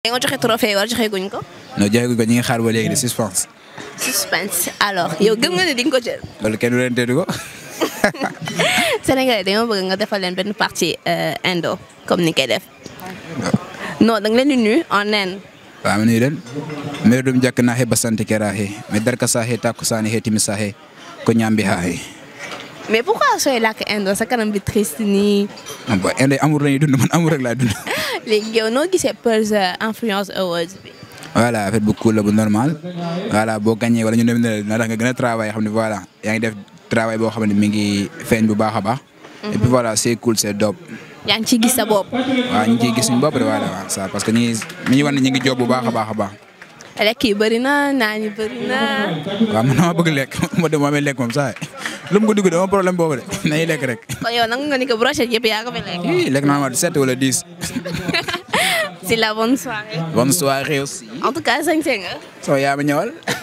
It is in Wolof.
nga joxe trophée war joxe guñ ko no joxe guñ ko ñi ngi xaar suspense suspense alors yow gëm nga ne di nga ko jël loolu kenn leen teddu ko sénégalais dañoo bëgg nga defal leen benn partie euh, indo comme ni koy def non dang leen di nuyu en inde waaw nuyu mais dum jakk naa ba sahe takku saani he timi sahe ko ñambi ha mais pourquoi sooy indo sa kanam bi triste nii bon indo amour lañuy dund man amour rek les yow qui gisee Peulz Influence Awards voilà affaire beaucoup le normal voilà bo gagner wala ñu dem ne na tax nga gën a travail xam voilà ya ngi def travail bo xam mi ngi feeñ bu baax a baax. et puis voilà c'est cool c'est dope. ya ngi ci gis sa bop wa ñu ngi ciy gis suñu bopp de voilà ça parce que ñi mi ngi wan ne ngi job bu baax a baax a yi bari na naan yi bëri na. waaw man maa bëgg lekk mo dem ma amee lekk moom saa lu mu ko dugg dama boobu de nañu lekk rek. kon yow nangu nga ni ko fi lekk. ii lekk naa ma wala dix. si la bonne soirée. bonne soirée aussi. en tout cas so yaa ma ñëwal.